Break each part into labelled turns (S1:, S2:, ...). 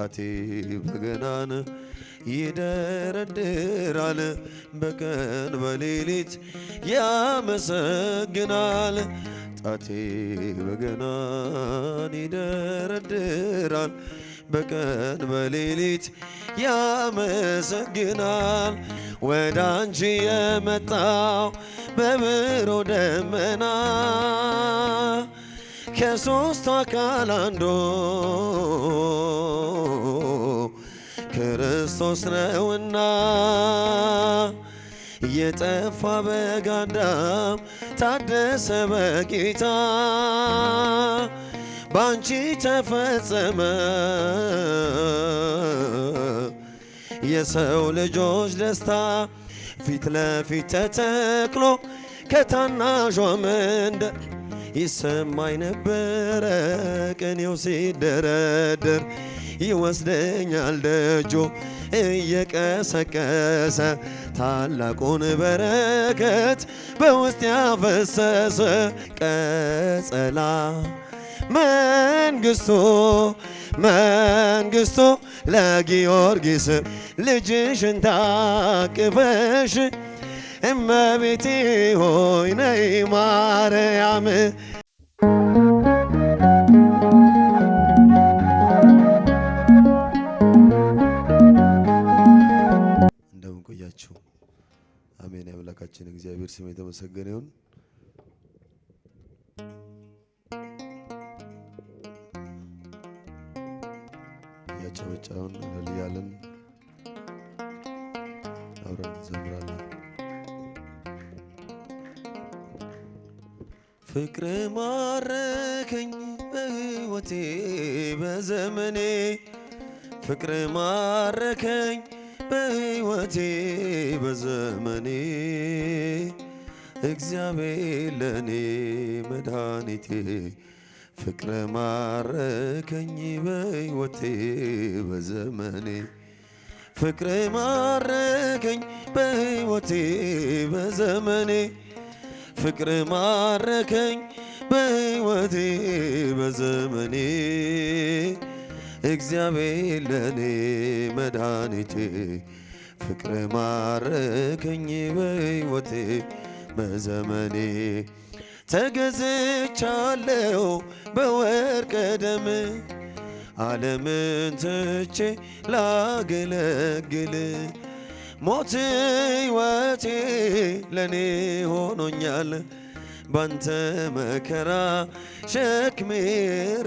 S1: ጣቴ በገናን ይደረድራል በቀን በሌሊት ያመሰግናል። ጣቴ በገናን ይደረድራል በቀን በሌሊት ያመሰግናል። ወደ አንቺ የመጣው በብሮ ደመና ከሶስቱ አካል አንዱ ክርስቶስ ነውና የጠፋ በጋዳም ታደሰ በጌታ ባንቺ ተፈጸመ የሰው ልጆች ደስታ ፊት ለፊት ተተክሎ ከታናዧ መንደር ይሰማኝ ነበረ ቀኔው ሲደረደር ይወስደኛል ደጆ እየቀሰቀሰ ታላቁን በረከት በውስጥ ያፈሰሰ ቀጸላ መንግስቶ መንግስቶ ለጊዮርጊስ ልጅሽን ታቅፈሽ እመቤቴ ሆይ ነይ ማርያም እንደምን ቆያችሁ? አሜን። አምላካችን እግዚአብሔር ስም የተመሰገነ ይሁን። እያጨበጨብን እልል እያልን አብረን እንዘምራለን። فكر ماركني بهوتي بزمني فكر ماركني بهوتي بزمني اكزابيلني مدانتي فكر ماركني بهوتي بزمني فكر ماركني بهوتي بزمني ፍቅር ማረከኝ በሕይወቴ በዘመኔ እግዚአብሔር ለኔ መድኃኒቴ ፍቅር ማረከኝ በሕይወቴ በዘመኔ ተገዝቻለሁ በወርቀ ደም ዓለምን ትቼ ላገለግል ሞት ሕይወቴ ለኔ ሆኖኛል ባንተ መከራ ሸክሜ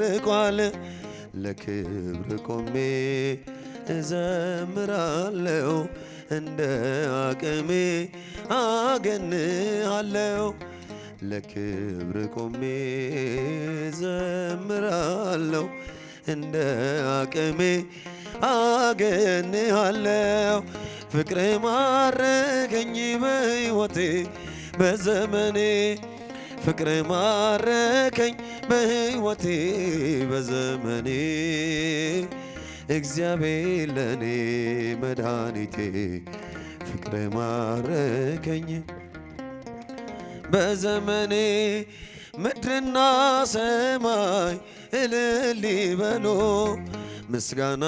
S1: ርቋል። ለክብር ቆሜ እዘምራለው እንደ አቅሜ አገንሃለው። ለክብር ቆሜ እዘምራለው እንደ አቅሜ አገንሃለው ፍቅር ማረከኝ በሕይወቴ በዘመኔ ፍቅር ማረከኝ በሕይወቴ በዘመኔ እግዚአብሔር ለኔ መድኃኒቴ ፍቅር ማረከኝ በዘመኔ ምድርና ሰማይ እልል በሎ ምስጋና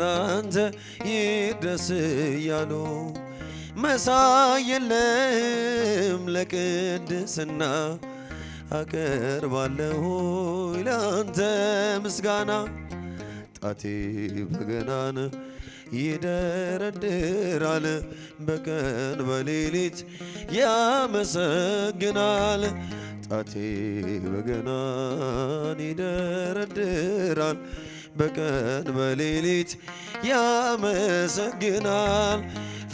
S1: ላንተ ይድረስ እያሉ መሳየለም የለም ለቅድስና አቀርባለሁ ላንተ ምስጋና ጣቴ በገናን ይደረድራል በቀን በሌሊት ያመሰግናል። ጣቴ በገናን ይደረድራል በቀን በሌሊት ያመሰግናል።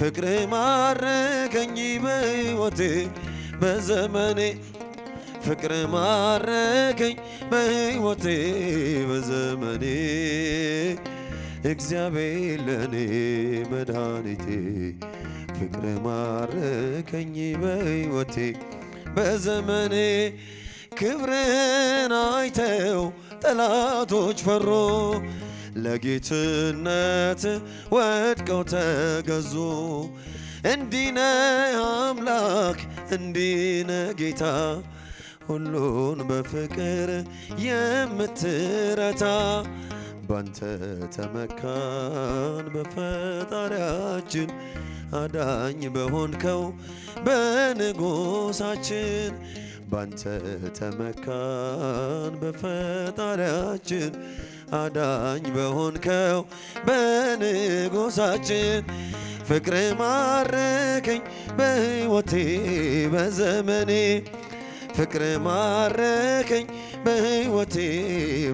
S1: ፍቅር ማረከኝ በሕይወቴ በዘመኔ ፍቅር ማረከኝ በሕይወቴ በዘመኔ እግዚአብሔር ለኔ መድኃኒቴ ፍቅር ማረከኝ በሕይወቴ በዘመኔ ክብርን አይተው ጠላቶች ፈሮ ለጌትነት ወድቀው ተገዙ። እንዲነ አምላክ እንዲነ ጌታ ሁሉን በፍቅር የምትረታ ባንተ ተመካን በፈጣሪያችን አዳኝ በሆንከው በንጉሳችን ባንተ ተመካን በፈጣሪያችን አዳኝ በሆንከው በንጉሳችን ፍቅር ማረከኝ በሕይወቴ በዘመኔ ፍቅር ማረከኝ በሕይወቴ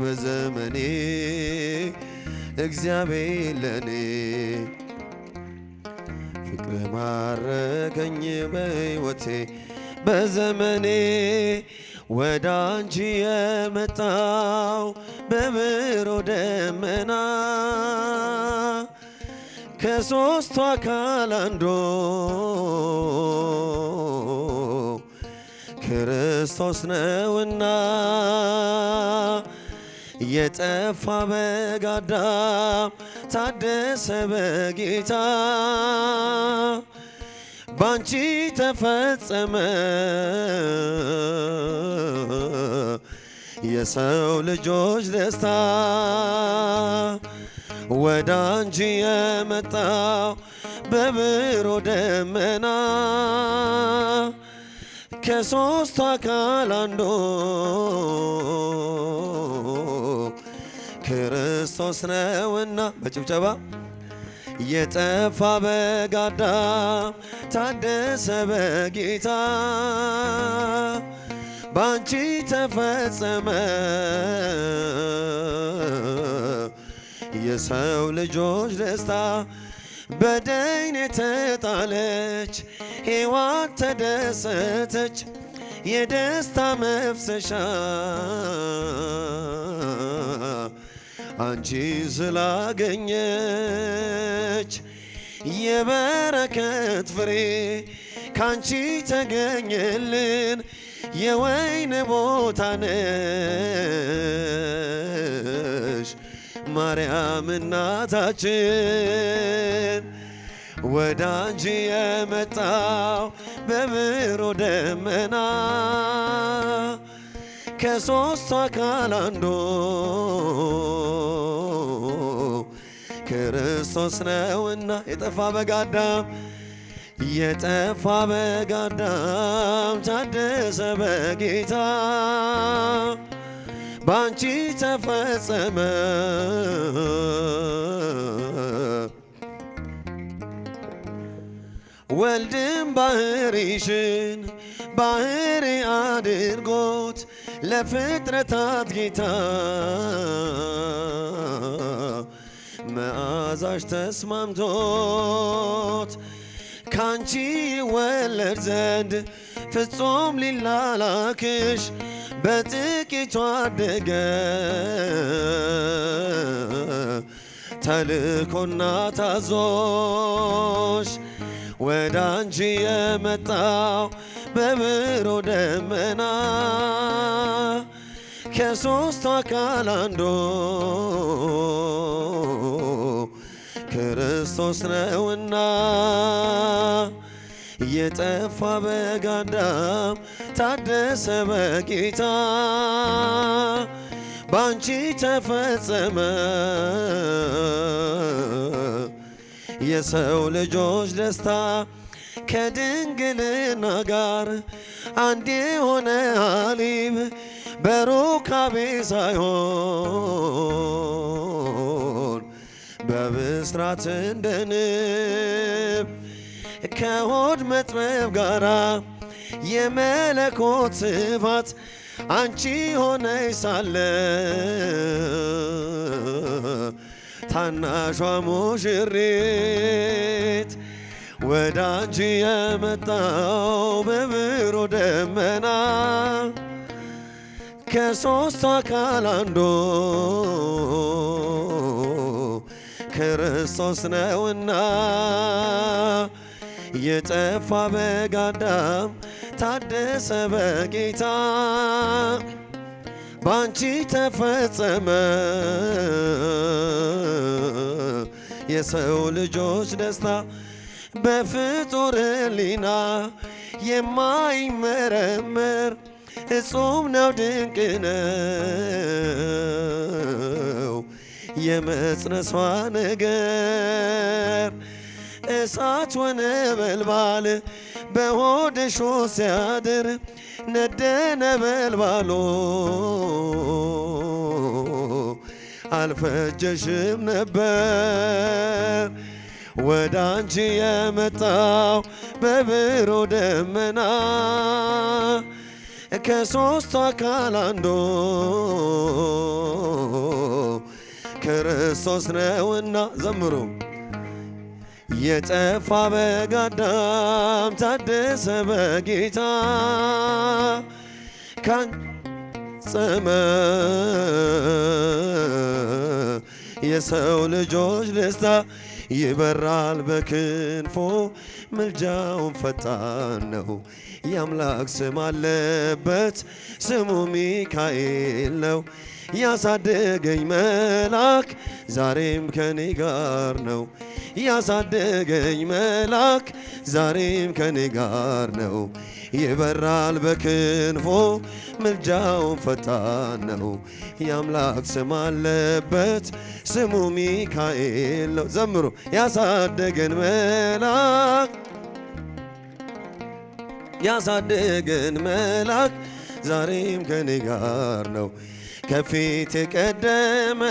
S1: በዘመኔ እግዚአብሔር ለኔ ፍቅር ማረከኝ በሕይወቴ በዘመኔ ወደ አንቺ የመጣው በብሮ ደመና ከሶስቱ አካል አንዱ ክርስቶስ ነውና የጠፋ በጋዳም ታደሰ በጌታ ባንቺ ተፈጸመ የሰው ልጆች ደስታ ወደ አንቺ የመጣው በብሮ ደመና ከሶስቱ አካል አንዱ ክርስቶስ ነውና በጭብጨባ የጠፋ በጋዳ ታደሰ በጌታ ባንቺ ተፈጸመ የሰው ልጆች ደስታ በደይን የተጣለች ሔዋን ተደሰተች የደስታ መፍሰሻ አንቺ ስላገኘች የበረከት ፍሬ ካንቺ ተገኘልን የወይን ቦታ ነሽ ማርያም እናታችን። ወደ አንቺ የመጣው በብሮ ደመና ከሶስቱ አካል አንዱ ክርስቶስ ነውና የጠፋ በጋዳም የጠፋ በጋዳም ታደሰ በጌታ ባንቺ ተፈጸመ ወልድም ባህሪሽን ባህሪ አድርጎት ለፍጥረታት ጌታ መዓዛሽ ተስማምቶት ካንቺ ወለድ ዘንድ ፍጹም ሊላላክሽ በጥቂቷ አደገ ተልኮና ታዞሽ ወደ አንቺ የመጣው በብሮ ደመና ከሶስቱ አካል አንዱ ክርስቶስ ነውና የጠፋ በጋዳም ታደሰ በጌታ ባንቺ ተፈጸመ የሰው ልጆች ደስታ ከድንግልና ጋር አንድ የሆነ አሊብ በሩካቤ ሳይሆን በብስራት እንደ ንብ ከሆድ መጥበብ ጋራ የመለኮት ስፋት አንቺ ሆነሽ ሳለ ታናሿ ሙሽሪት ወዳጅ የመጣው በብሩ ደመና ከሶስቱ አካል አንዱ ክርስቶስ ነውና የጠፋ በጋዳም ታደሰ በጌታ ባንቺ ተፈጸመ የሰው ልጆች ደስታ በፍጡር ሕሊና የማይመረመር እጹም ነው ድንቅ ነው የመጽነሷ ነገር እሳት ሆነ በልባል በሆድሾ ሲያድር ነደነ ነበልባሉ አልፈጀሽም ነበር ወደ አንቺ የመጣው በብሮ ደመና ከሶስቱ አካል አንዱ ክርስቶስ ነውና ዘምሩ። የጠፋ በጋዳም ታደሰ በጌታ ካንጸመ የሰው ልጆች ደስታ ይበራል በክንፎ ምልጃውን ፈጣን ነው። የአምላክ ስም አለበት ስሙ ሚካኤል ነው። ያሳደገኝ መልአክ ዛሬም ከኔ ጋር ነው። ያሳደገኝ መልአክ ዛሬም ከኔ ጋር ነው። ይበራል በክንፎ ምልጃው ፈጣን ነው የአምላክ ስም አለበት ስሙ ሚካኤል ነው። ዘምሮ ያሳደገን መላክ ያሳደገን መልአክ ዛሬም ከኔ ጋር ነው ከፊት የቀደመ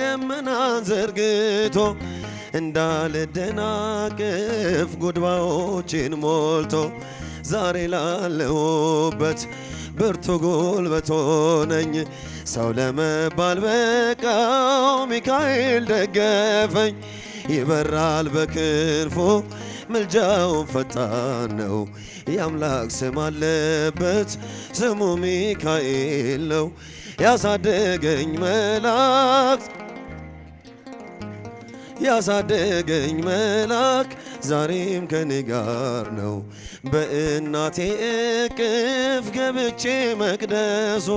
S1: ደመና ዘርግቶ እንዳልደናቅፍ ጉድባዎችን ሞልቶ ዛሬ ላለሁበት ብርቱ ጉልበት ሆነኝ። ሰው ለመባል በቃው ሚካኤል ደገፈኝ። ይበራል በክንፎ ምልጃውን ፈጣን ነው። የአምላክ ስም አለበት ስሙ ሚካኤል ነው። ያሳደገኝ መላእክት ያሳደገኝ መላክ ዛሬም ከኔ ጋር ነው። በእናቴ እቅፍ ገብቼ መቅደሱ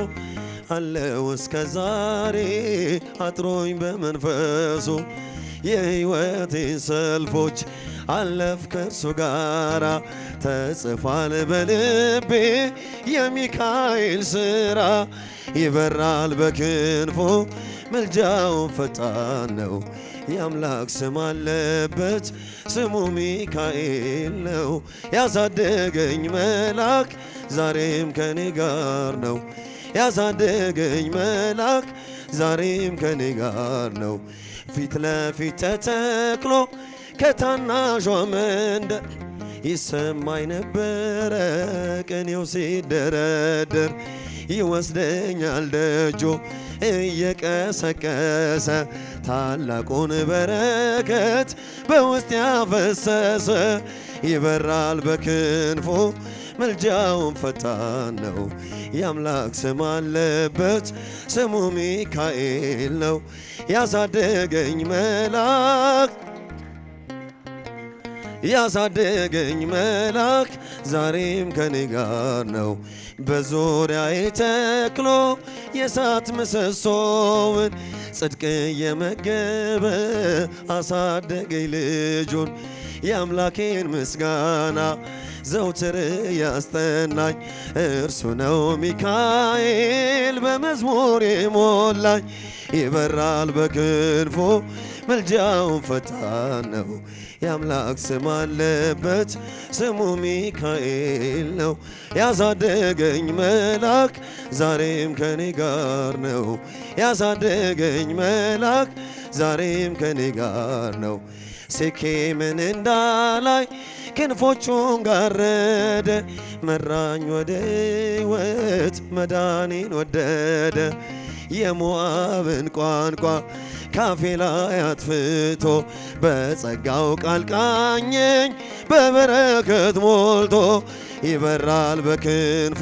S1: አለው እስከ ዛሬ አጥሮኝ በመንፈሱ የህይወት ሰልፎች አለፍ ከእርሱ ጋራ ተጽፏል በልቤ የሚካኤል ስራ ይበራል በክንፎ መልጃው ፈጣን ነው። የአምላክ ስም አለበት ስሙ ሚካኤል ነው። ያሳደገኝ መልአክ ዛሬም ከኔ ጋር ነው። ያሳደገኝ መልአክ ዛሬም ከኔ ጋር ነው። ፊት ለፊት ተተክሎ ከታናሿ መንደር ይሰማኝ ነበረ ቅኔው ሲደረደር ይወስደኛል ደጆ እየቀሰቀሰ ታላቁን በረከት በውስጥ ያፈሰሰ ይበራል በክንፎ መልጃውም ፈጣን ነው። የአምላክ ስም አለበት ስሙ ሚካኤል ነው። ያሳደገኝ መላክ ያሳደገኝ መልአክ ዛሬም ከኔ ጋር ነው። በዙሪያዬ ተክሎ የእሳት ምሰሶውን ጽድቅ የመገበ አሳደገኝ ልጁን የአምላኬን ምስጋና ዘውትር ያስጠናኝ እርሱ ነው ሚካኤል በመዝሙር የሞላኝ ይበራል በክንፎ መልጃው ፈጣን ነው። የአምላክ ስም አለበት ስሙ ሚካኤል ነው። ያሳደገኝ መልአክ ዛሬም ከኔ ጋር ነው። ያሳደገኝ መልአክ ዛሬም ከኔ ጋር ነው። ሴኬምን እንዳላይ ክንፎቹን ጋረደ፣ መራኝ ወደ ሕይወት መዳኔን ወደደ የሞዓብን ቋንቋ ካፌ ላይ አጥፍቶ በጸጋው ቃል ቃኘኝ በበረከት ሞልቶ ይበራል በክንፎ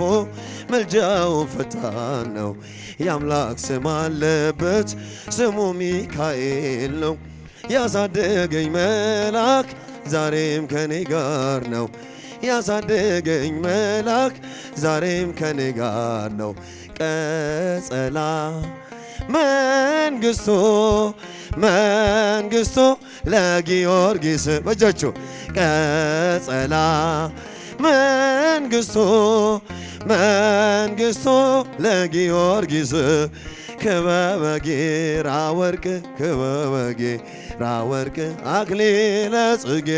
S1: መልጃውን ፈጣን ነው የአምላክ ስም አለበት ስሙ ሚካኤል ነው ያሳደገኝ መልአክ ዛሬም ከኔ ጋር ነው ያሳደገኝ መልአክ ዛሬም ከኔ ጋር ነው ቀጸላ መንግስቱ መንግስቱ ለጊዮርጊስ በጃችሁ ቀጸላ መንግስቱ መንግስቱ ለጊዮርጊስ ክበበጌራ ወርቅ ክበበጌራ ወርቅ አክሊለ ጽጌ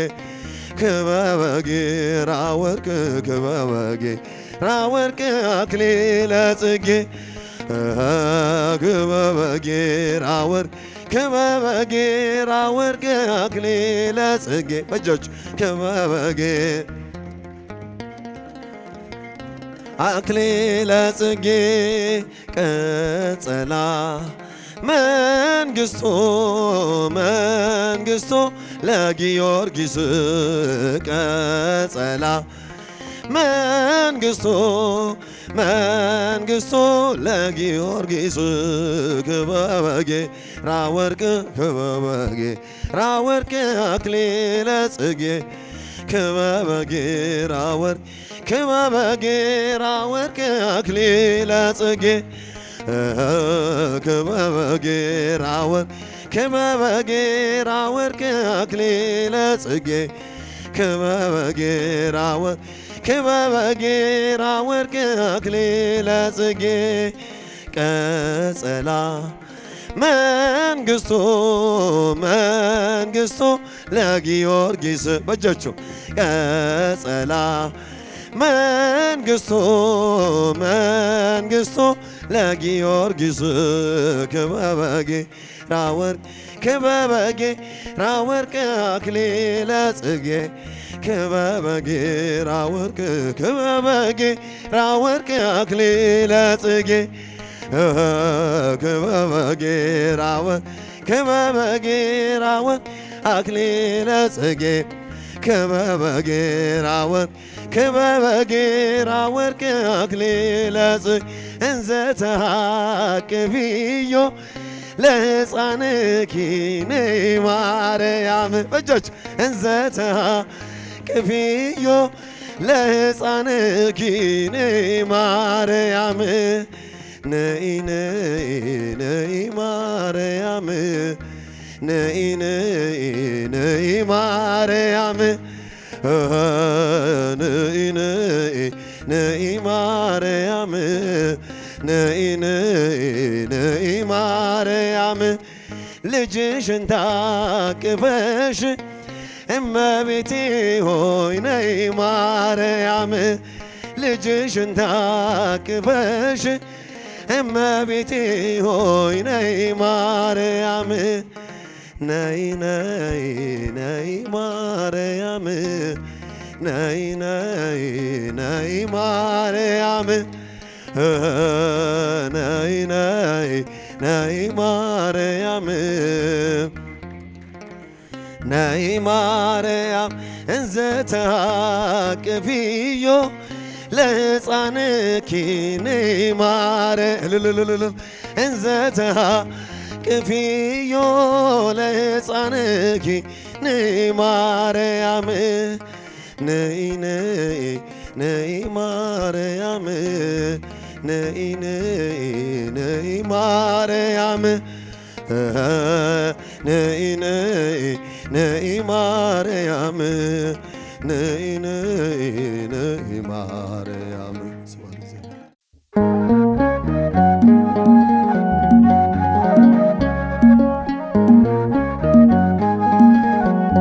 S1: ክበበጌራ ወርቅ ክበበጌ አወርቅ አክሊለ ጽጌ ክበበ ጌራ ወርቅ ክበበ ጌራ ወርቅ አክሊለ ጽጌ በእጆች ክበበ ጌ አክሊለ ጽጌ ቀጸላ መንግስቶ መንግስቶ ለጊዮርጊስ ቀጸላ መንግስቱ መንግስቱ ለጊዮርጊስ ክበበጌ ራወርቅ ክበበጌ ራወርቅ አክሊለ ጽጌ ክበበጌ ራወርቅ ክበበጌ ራወርቅ አክሊለ ጽጌ ክበበጌ ራወርቅ ክበበጌ ራወርቅ አክሊለ ጽጌ ክበበጌ ራወርቅ ክበበ ጌራ ወርቅ አክሊለ ጽጌ ቀጸላ መንግሥቱ መንግሥቱ ለጊዮርጊስ በእጃችሁ ቀጸላ መንግስቱ መንግስቱ ለጊዮርጊስ ክበበጌ ራወርቅ ክበበጌ ራወርቅ አክሊለ ጽጌ ክበበጌ ራወርቅ ክበበጌ ራወርቅ አክሊለ ጽጌ ክበበጌ ራወርቅ ክበበጌ ራወርቅ አክሊለ ጽጌ ክበበጌራ ወርቅ ክበበጌራ ወርቅ አክሊለ ጽጌ እንዘ ተሃቅብዮ ለሕፃንኪነ ማርያም እጆች እንዘ ተሃቅብዮ ለሕፃንኪነ ማርያም ነይ ነይ ነይ ማርያም ነይ ነይ ነይ ማርያም ነይ ነይ ነይ ማርያም ነይ ነይ ነይ ማርያም ልጅሽን ታቅፈሽ እመቤቴ ሆይ ነይ ማርያም ልጅሽን ታቅፈሽ እመቤቴ ሆይ ነይ ማርያም ነይ ነይ ነይ ማርያም ነይ ነይ ነይ ማርያም ነይ ነይ ነይ ማርያም ነይ ማርያም እንዘ ተሃቅፊዮ ለሕፃንኪ ነይ ማርያም እንዘተ ቅፍዮ ለሕፃንኪ ነይ ማርያም ነይ ነይ ነይ ማርያም ነይ ነይ ነይ ማርያም ነይ ነይ ነይ ማርያም ነይ ነይ ነይ ማርያም